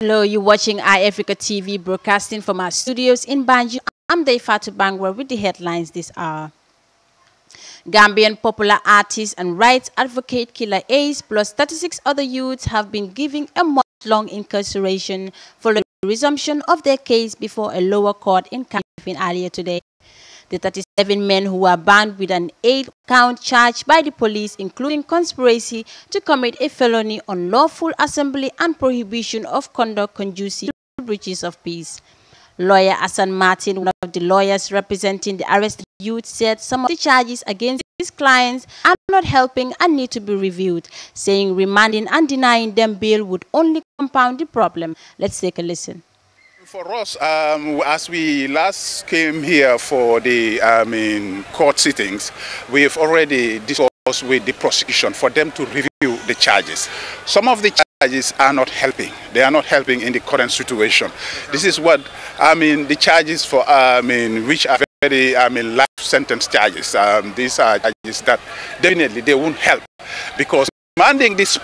Hello, you're watching iAfrica TV broadcasting from our studios in Banjul. I'm Deifatu Bangwa with the headlines this hour. Gambian popular artist and rights advocate Killer Ace plus 36 other youths have been given a month-long incarceration following the resumption of their case before a lower court in Cameroon earlier today. The 37 men who were banned with an eight-count charge by the police, including conspiracy to commit a felony on lawful assembly and prohibition of conduct conducive to breaches of peace. Lawyer Asan Martin, one of the lawyers representing the arrested youth, said some of the charges against his clients are not helping and need to be reviewed, saying remanding and denying them bail would only compound the problem. Let's take a listen. For us, um, as we last came here for the um, I mean, court sittings, we've already discussed with the prosecution for them to review the charges. Some of the charges are not helping. They are not helping in the current situation. This is what, I mean, the charges for, I mean, which are very, I mean, life sentence charges. Um, these are charges that definitely they won't help because demanding this,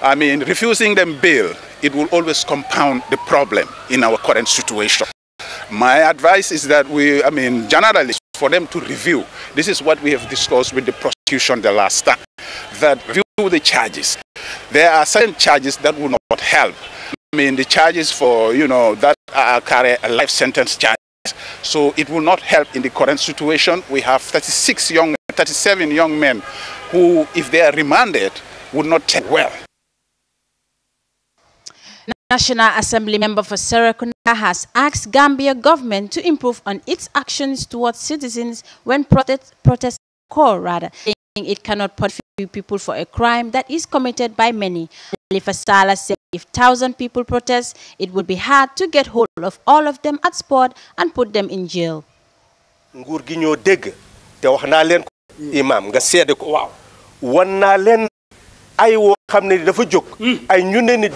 I mean, refusing them bail it will always compound the problem in our current situation. My advice is that we, I mean, generally, for them to review. This is what we have discussed with the prosecution the last time, that review the charges. There are certain charges that will not help. I mean, the charges for, you know, that uh, carry a life sentence charge. So it will not help in the current situation. We have 36 young, 37 young men who, if they are remanded, would not take well. National Assembly member for Serekunda has asked Gambia government to improve on its actions towards citizens when protest, protests occur, rather, saying it cannot punish people for a crime that is committed by many. If a said if 1,000 people protest, it would be hard to get hold of all of them at spot and put them in jail. ay dafa jóg hmm. ay ñu ne nit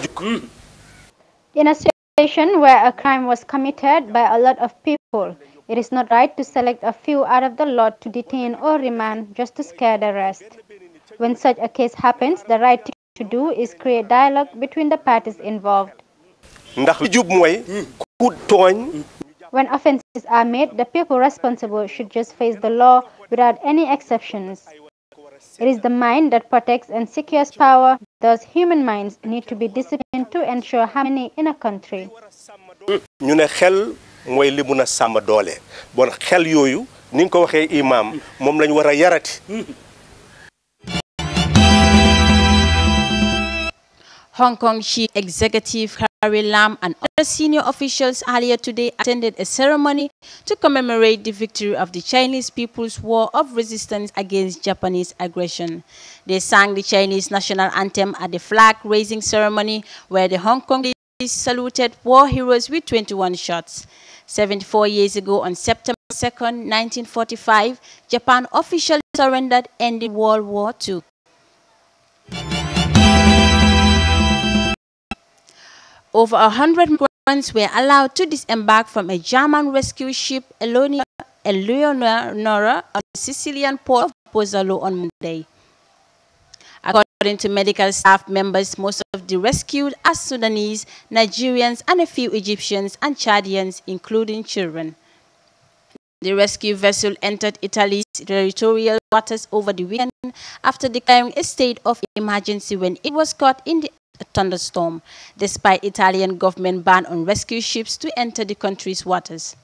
in a situation where a crime was committed by a lot of people, it is not right to select a few out of the lot to detain or remand just to scare the rest. When such a case happens, the right thing to do is create dialogue between the parties involved. When offences are made, the people responsible should just face the law without any exceptions. It is the mind that protects and secures power Thus, human minds need to be disciplined to ensure harmony in a country. ñu ne xel mooy li mun a sàmm doole bon xel yooyu ni nga ko waxee imam moom lañ war a yarati. Hong Kong chief executive. Barry Lam and other senior officials earlier today attended a ceremony to commemorate the victory of the Chinese People's War of Resistance against Japanese aggression. They sang the Chinese national anthem at the flag-raising ceremony where the Hong Kong saluted war heroes with 21 shots. 74 years ago on September 2, 1945, Japan officially surrendered ending World War II. Over 100 migrants were allowed to disembark from a German rescue ship, Elonia and at on the Sicilian port of Pozzolo on Monday. According to medical staff members, most of the rescued are Sudanese, Nigerians, and a few Egyptians and Chadians, including children. The rescue vessel entered Italy's territorial waters over the weekend after declaring a state of emergency when it was caught in the thunderstorm, despite Italian government ban on rescue ships to enter the country's waters.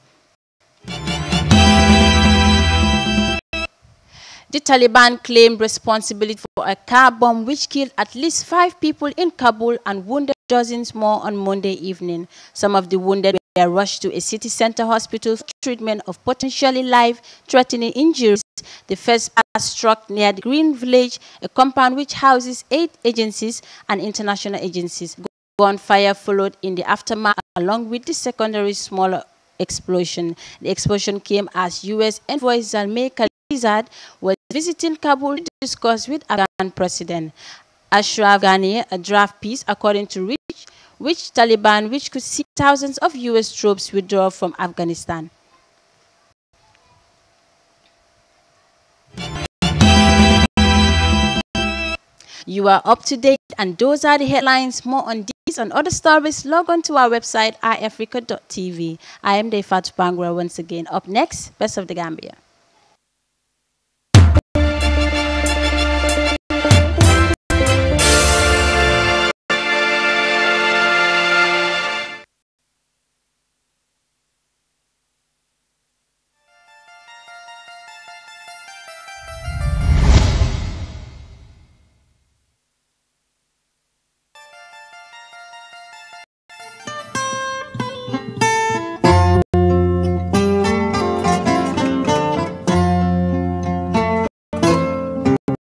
The Taliban claimed responsibility for a car bomb which killed at least five people in Kabul and wounded dozens more on Monday evening. Some of the wounded were rushed to a city center hospital for treatment of potentially life-threatening injuries the first blast struck near the Green Village, a compound which houses eight agencies and international agencies. Gunfire followed in the aftermath along with the secondary smaller explosion. The explosion came as U.S. envoy Zalmay Khalizad was visiting Kabul to discuss with Afghan President Ashraf Ghani a draft peace according to which, which Taliban which could see thousands of U.S. troops withdraw from Afghanistan. You are up to date, and those are the headlines. More on these and other stories, log on to our website, iAfrica.tv. I am Defat Bangra once again. Up next, Best of the Gambia.